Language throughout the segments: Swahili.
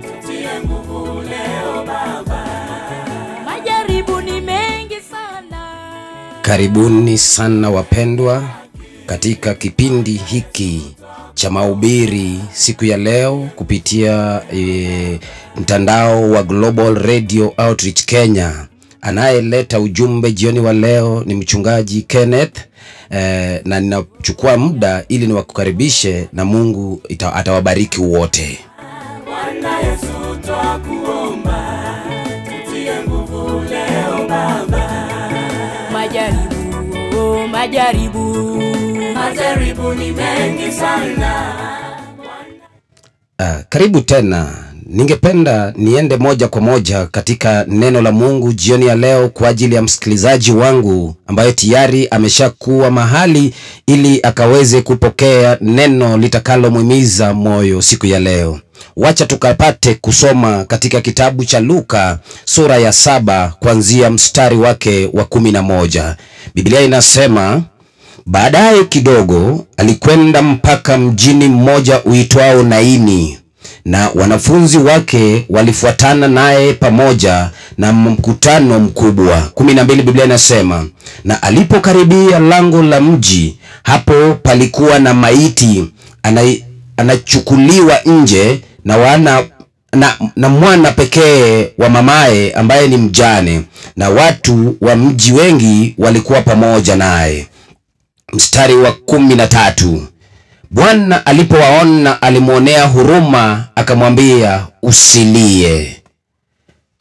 tutie nguvu leo Baba. Majaribu ni mengi sana. Karibuni sana wapendwa katika kipindi hiki cha mahubiri siku ya leo kupitia e, mtandao wa Global Radio Outreach Kenya. Anayeleta ujumbe jioni wa leo ni mchungaji Kenneth eh, na ninachukua muda ili niwakukaribishe na Mungu ita, atawabariki wote. Uh, karibu tena Ningependa niende moja kwa moja katika neno la Mungu jioni ya leo kwa ajili ya msikilizaji wangu ambaye tayari ameshakuwa mahali ili akaweze kupokea neno litakalomuhimiza moyo siku ya leo. Wacha tukapate kusoma katika kitabu cha Luka sura ya saba kuanzia mstari wake wa kumi na moja. Biblia inasema baadaye kidogo alikwenda mpaka mjini mmoja uitwao Naini na wanafunzi wake walifuatana naye pamoja na mkutano mkubwa. kumi na mbili Biblia inasema na alipokaribia lango la mji, hapo palikuwa na maiti anachukuliwa nje na wana na, na mwana pekee wa mamaye ambaye ni mjane, na watu wa mji wengi walikuwa pamoja naye. Mstari wa kumi na tatu Bwana alipowaona alimwonea huruma, akamwambia usilie.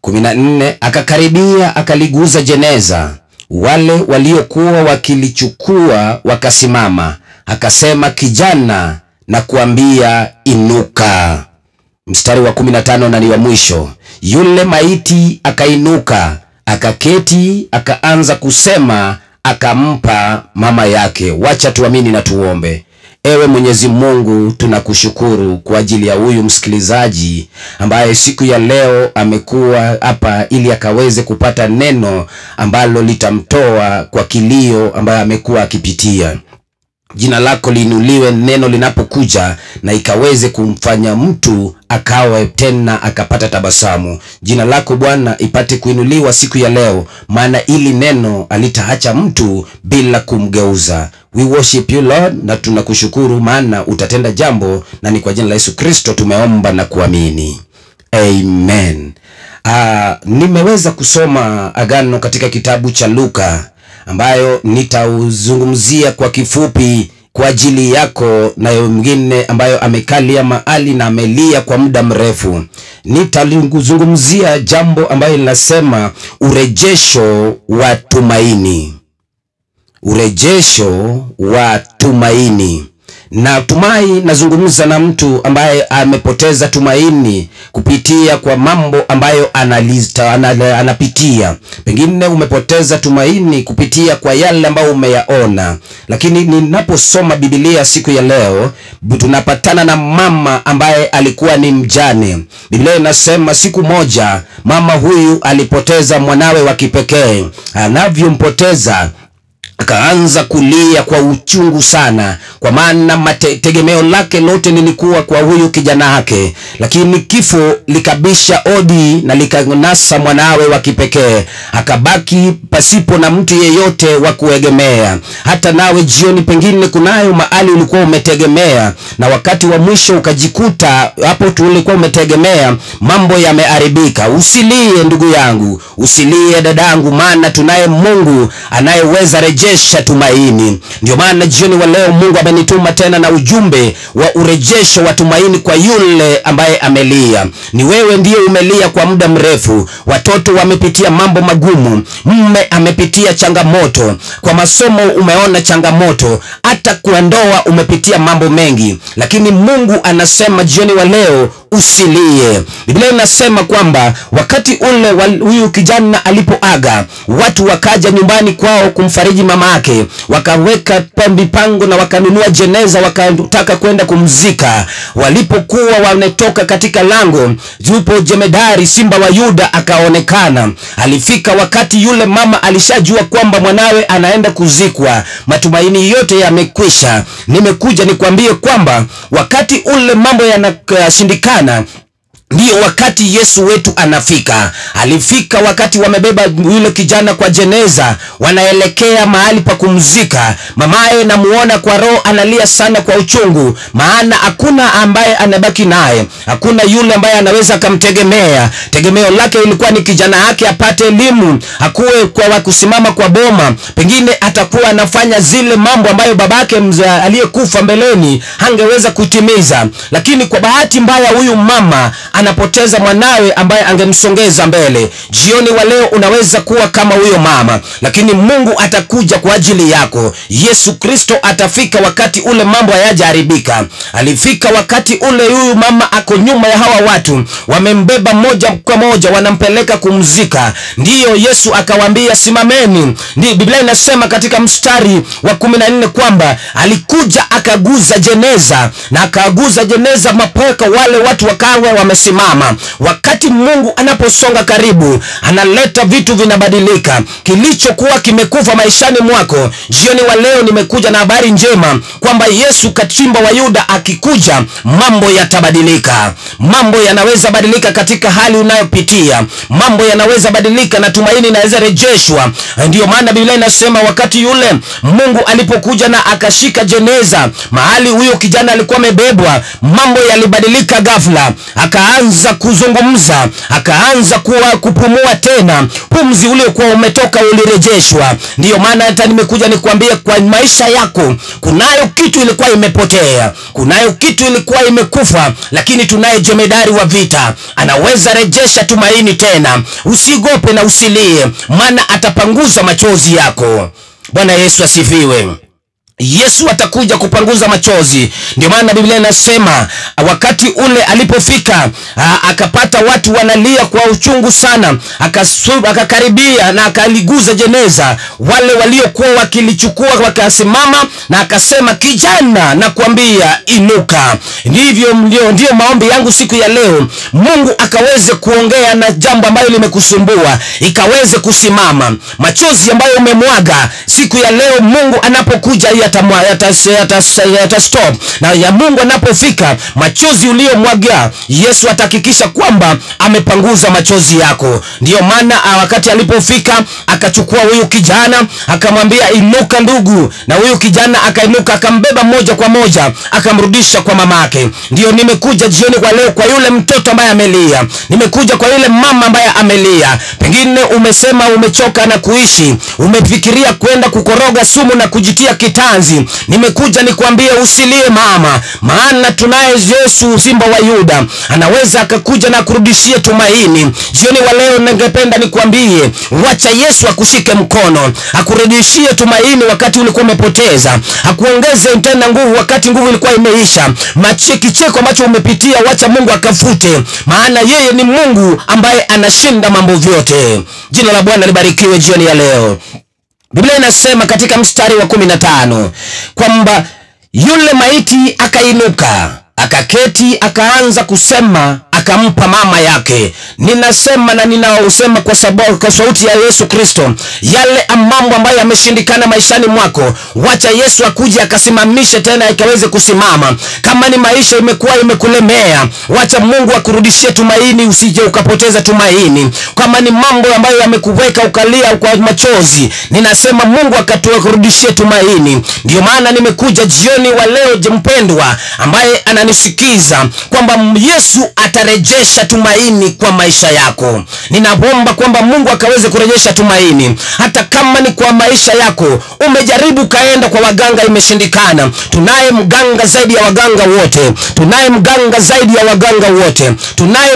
14 Akakaribia akaliguza jeneza, wale waliokuwa wakilichukua wakasimama. Akasema, kijana, na kuambia inuka. Mstari wa 15 na ni wa mwisho, yule maiti akainuka, akaketi, akaanza kusema, akampa mama yake. Wacha tuamini na tuombe. Ewe Mwenyezi Mungu, tunakushukuru kwa ajili ya huyu msikilizaji ambaye siku ya leo amekuwa hapa ili akaweze kupata neno ambalo litamtoa kwa kilio ambayo amekuwa akipitia. Jina lako liinuliwe, neno linapokuja na ikaweze kumfanya mtu akawe tena akapata tabasamu. Jina lako Bwana ipate kuinuliwa siku ya leo, maana ili neno alitaacha mtu bila kumgeuza We worship you Lord, na tunakushukuru maana utatenda jambo, na ni kwa jina la Yesu Kristo tumeomba na kuamini amen. Aa, ah, nimeweza kusoma agano katika kitabu cha Luka ambayo nitauzungumzia kwa kifupi kwa ajili yako, nayo mwingine ambayo amekalia mahali na amelia kwa muda mrefu, nitalizungumzia jambo ambayo linasema urejesho wa tumaini urejesho wa tumaini. Na tumai, nazungumza na mtu ambaye amepoteza tumaini kupitia kwa mambo ambayo analista, anapitia. Pengine umepoteza tumaini kupitia kwa yale ambayo umeyaona, lakini ninaposoma Biblia siku ya leo tunapatana na mama ambaye alikuwa ni mjane. Biblia inasema siku moja mama huyu alipoteza mwanawe wa kipekee. Anavyompoteza Akaanza kulia kwa uchungu sana, kwa maana mategemeo lake lote lilikuwa kwa huyu kijana wake, lakini kifo likabisha odi na likanasa mwanawe wa kipekee. Akabaki pasipo na mtu yeyote wa kuegemea. Hata nawe jioni, pengine kunayo mahali ulikuwa umetegemea, na wakati wa mwisho ukajikuta hapo tu ulikuwa umetegemea, mambo yameharibika. Usilie ndugu yangu, usilie dadangu, maana tunaye Mungu anayeweza rejea kurejesha tumaini. Ndio maana jioni wa leo Mungu amenituma tena na ujumbe wa urejesho wa tumaini kwa yule ambaye amelia. Ni wewe ndiye umelia kwa muda mrefu, watoto wamepitia mambo magumu, mme amepitia changamoto, kwa masomo umeona changamoto, hata kwa ndoa umepitia mambo mengi, lakini Mungu anasema jioni wa leo usilie. Biblia inasema kwamba wakati ule huyu kijana alipoaga, watu wakaja nyumbani kwao kumfariji mama mama yake, wakaweka mipango na wakanunua jeneza, wakataka kwenda kumzika. Walipokuwa wametoka katika lango, yupo jemedari simba wa Yuda akaonekana. Alifika wakati yule mama alishajua kwamba mwanawe anaenda kuzikwa, matumaini yote yamekwisha. Nimekuja nikwambie kwamba wakati ule mambo yanashindikana Ndiyo wakati Yesu wetu anafika. Alifika wakati wamebeba yule kijana kwa jeneza, wanaelekea mahali pa kumzika. Mamaye namuona kwa roho analia sana kwa uchungu, maana hakuna ambaye anabaki naye, hakuna yule ambaye anaweza akamtegemea. Tegemeo lake ilikuwa ni kijana yake apate elimu, akuwe kwa wakusimama kwa boma, pengine atakuwa anafanya zile mambo ambayo babake aliyekufa mbeleni angeweza kutimiza. Lakini kwa bahati mbaya huyu mama anapoteza mwanawe ambaye angemsongeza mbele. Jioni wa leo unaweza kuwa kama huyo mama, lakini Mungu atakuja kwa ajili yako. Yesu Kristo atafika wakati ule mambo hayajaharibika. Alifika wakati ule, huyu mama ako nyuma ya hawa watu, wamembeba moja kwa moja, wanampeleka kumzika. Ndiyo Yesu akawaambia simameni. Ndi, Biblia inasema katika mstari wa kumi na nne kwamba alikuja akaguza jeneza na akaguza jeneza mapaka wale watu wakawa wamesimama kusimama. Wakati Mungu anaposonga karibu, analeta vitu vinabadilika. Kilichokuwa kimekufa maishani mwako, jioni wa leo nimekuja na habari njema kwamba Yesu kachimba wa Yuda akikuja, mambo yatabadilika. Mambo yanaweza badilika katika hali unayopitia, mambo yanaweza badilika na tumaini inaweza rejeshwa. Ndiyo maana Biblia inasema wakati yule Mungu alipokuja na akashika jeneza mahali huyo kijana alikuwa amebebwa, mambo yalibadilika ghafla aka akaanza kuzungumza, akaanza kuwa kupumua tena, pumzi uliokuwa umetoka ulirejeshwa. Ndiyo maana hata nimekuja nikwambie, kwa maisha yako kunayo kitu ilikuwa imepotea, kunayo kitu ilikuwa imekufa, lakini tunaye jemedari wa vita, anaweza rejesha tumaini tena. Usigope na usilie, maana atapanguza machozi yako. Bwana Yesu asifiwe. Yesu atakuja kupanguza machozi. Ndio maana Biblia inasema wakati ule alipofika, akapata watu wanalia kwa uchungu sana, akakaribia na akaliguza jeneza. Wale waliokuwa wakilichukua wakasimama na akasema, kijana, nakwambia inuka. Ndivyo ndio, ndio maombi yangu siku ya leo, Mungu akaweze kuongea na jambo ambalo limekusumbua ikaweze kusimama. Machozi ambayo umemwaga siku ya leo, Mungu anapokuja ya yatastorm yata, yata, na ya Mungu anapofika, machozi uliyomwaga Yesu atahakikisha kwamba amepanguza machozi yako. Ndiyo maana ah, wakati alipofika akachukua huyu kijana akamwambia, inuka ndugu, na huyu kijana akainuka, akambeba moja kwa moja, akamrudisha kwa mamake. Ndiyo nimekuja jioni kwa leo kwa yule mtoto ambaye amelia, nimekuja kwa yule mama ambaye amelia. Pengine umesema umechoka na kuishi, umefikiria kwenda kukoroga sumu na kujitia kitanzi kazi. Nimekuja nikwambie usilie mama, maana tunaye Yesu Simba wa Yuda, anaweza akakuja na kurudishia tumaini. Jioni wa leo ningependa nikwambie, wacha Yesu akushike mkono, akurudishie tumaini wakati ulikuwa umepoteza, akuongeze tena nguvu wakati nguvu ilikuwa imeisha. Machekicheko ambacho umepitia, wacha Mungu akafute, maana yeye ni Mungu ambaye anashinda mambo vyote. Jina la Bwana libarikiwe jioni ya leo. Biblia inasema katika mstari wa kumi na tano kwamba yule maiti akainuka, akaketi, akaanza kusema akampa mama yake. Ninasema na ninausema kwa sababu kwa sauti ya Yesu Kristo, yale mambo ambayo yameshindikana maishani mwako, wacha Yesu akuje akasimamishe tena ikaweze kusimama. Kama ni maisha imekuwa imekulemea, wacha Mungu akurudishie tumaini, usije ukapoteza tumaini. Kama ni mambo ambayo yamekuweka ukalia kwa machozi, ninasema Mungu akatoe kurudishie tumaini. Ndio maana nimekuja jioni wa leo, mpendwa ambaye ananisikiza kwamba Yesu ata atarejesha tumaini kwa maisha yako. Ninaomba kwamba Mungu akaweze kurejesha tumaini, hata kama ni kwa maisha yako. Umejaribu kaenda kwa waganga, imeshindikana. Tunaye mganga zaidi ya waganga wote, tunaye mganga zaidi ya waganga wote, tunaye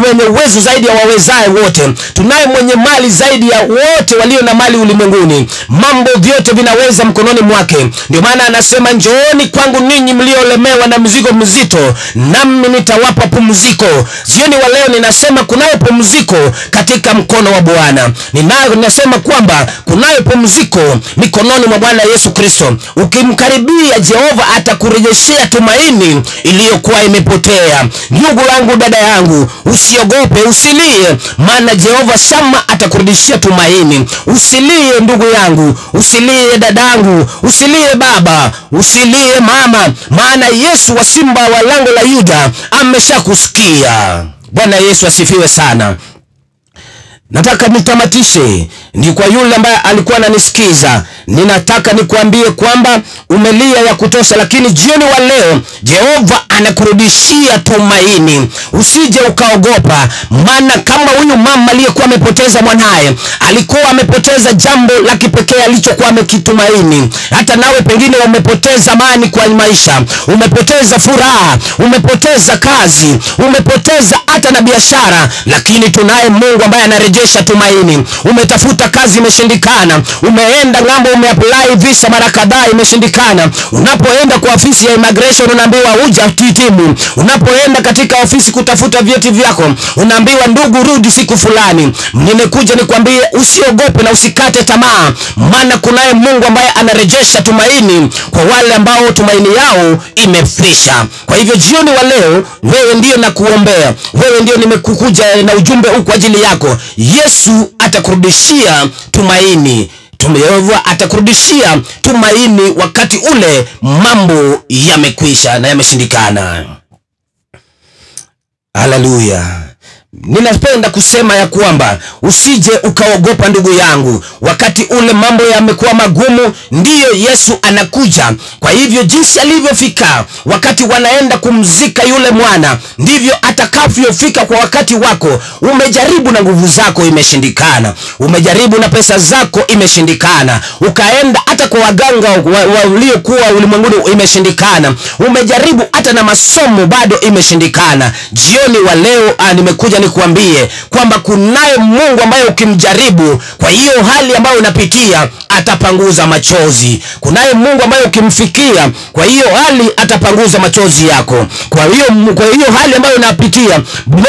mwenye uwezo zaidi ya wawezaye wote, tunaye mwenye mali zaidi ya wote walio na mali ulimwenguni. Mambo vyote vinaweza mkononi mwake. Ndio maana anasema, njooni kwangu ninyi mliolemewa na mzigo mzito, nami nitawapa pumzi pumziko. Jioni wa leo ninasema kunayo pumziko katika mkono wa Bwana. Ninayo ninasema kwamba kunayo pumziko mikononi mwa Bwana Yesu Kristo. Ukimkaribia Jehova atakurejeshea tumaini iliyokuwa imepotea. Ndugu yangu, dada yangu, usiogope, usilie, maana Jehova Shama atakurudishia tumaini. Usilie ndugu yangu, usilie dadangu, usilie baba, usilie mama, maana Yesu wa simba wa lango la Yuda ameshakus kusikia. Bwana Yesu asifiwe sana. Nataka nitamatishe, ni kwa yule ambaye alikuwa ananisikiza, ninataka nikuambie kwamba umelia ya kutosha, lakini jioni wa leo Jehova anakurudishia tumaini. Usije ukaogopa, maana kama huyu mama aliyekuwa amepoteza mwanaye, alikuwa amepoteza jambo la kipekee alichokuwa amekitumaini. Hata nawe pengine umepoteza amani kwa maisha, umepoteza furaha, umepoteza kazi, umepoteza hata na biashara, lakini tunaye Mungu ambaye anarejea umerejesha tumaini. Umetafuta kazi imeshindikana, umeenda ng'ambo, umeapply visa mara kadhaa imeshindikana. Unapoenda kwa ofisi ya immigration unaambiwa hujahitimu. Unapoenda katika ofisi kutafuta vyeti vyako unaambiwa, ndugu, rudi siku fulani. Nimekuja nikwambie usiogope na usikate tamaa, maana kunaye Mungu ambaye anarejesha tumaini kwa wale ambao tumaini yao imefisha. Kwa hivyo jioni wa leo, wewe ndio nakuombea, wewe ndio nimekukuja na ujumbe huu kwa ajili yako. Yesu atakurudishia tumaini yehova atakurudishia tumaini wakati ule mambo yamekwisha na yameshindikana. Haleluya. Ninapenda kusema ya kwamba usije ukaogopa ndugu yangu, wakati ule mambo yamekuwa magumu, ndiyo Yesu anakuja. Kwa hivyo jinsi alivyofika wakati wanaenda kumzika yule mwana, ndivyo atakavyofika kwa wakati wako. Umejaribu na nguvu zako, imeshindikana. Umejaribu na pesa zako, imeshindikana. Ukaenda hata kwa waganga waliokuwa ulimwenguni, imeshindikana. Umejaribu hata na masomo, bado imeshindikana. Jioni wa leo ah, nimekuja nikuambie kwamba kunaye Mungu ambaye ukimjaribu kwa hiyo hali ambayo unapitia atapanguza machozi. Kunaye Mungu ambaye ukimfikia kwa hiyo hali atapanguza machozi yako. Kwa hiyo kwa hiyo hali ambayo unapitia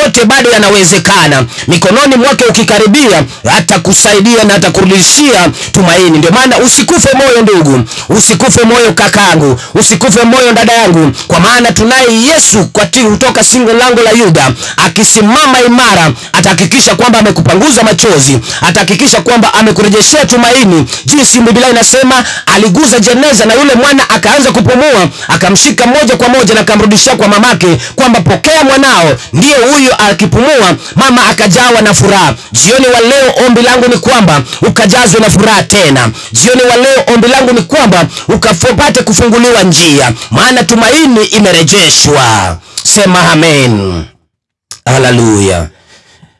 yote bado yanawezekana. Mikononi mwake ukikaribia, atakusaidia na atakurudishia tumaini. Ndio maana usikufe moyo, ndugu, usikufe moyo kakangu, usikufe moyo dada yangu, kwa maana tunaye Yesu kwa kutoka singo lango la Yuda akisimama atasimama imara, atahakikisha kwamba amekupanguza machozi, atahakikisha kwamba amekurejeshea tumaini. Jinsi Biblia inasema aliguza jeneza na yule mwana akaanza kupumua, akamshika moja kwa moja na akamrudishia kwa mamake kwamba pokea mwanao, ndiye huyo akipumua. Mama akajawa na furaha. Jioni wa leo ombi langu ni kwamba ukajazwe na furaha tena. Jioni wa leo ombi langu ni kwamba ukapate kufunguliwa njia, maana tumaini imerejeshwa. Sema amen. Haleluya!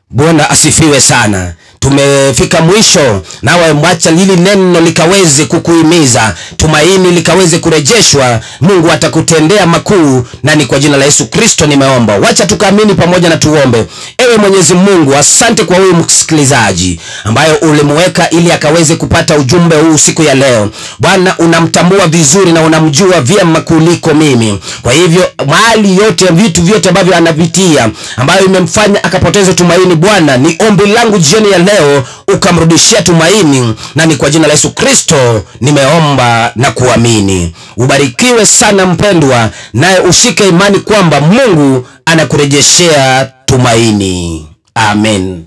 Bwana asifiwe sana tumefika mwisho, nawe mwacha lili neno likaweze kukuhimiza, tumaini likaweze kurejeshwa. Mungu atakutendea makuu, na ni kwa jina la Yesu Kristo nimeomba. Wacha tukaamini pamoja na tuombe. Ewe Mwenyezi Mungu, asante kwa huyu msikilizaji ambayo ulimweka ili akaweze kupata ujumbe huu siku ya leo. Bwana, unamtambua vizuri na unamjua vyema kuliko mimi, kwa hivyo mali yote, vitu vyote ambavyo anapitia, ambayo imemfanya akapoteza tumaini, Bwana, ni ombi langu jioni ya leo leo ukamrudishia tumaini, na ni kwa jina la Yesu Kristo nimeomba na kuamini. Ubarikiwe sana mpendwa, naye ushike imani kwamba Mungu anakurejeshea tumaini. Amen.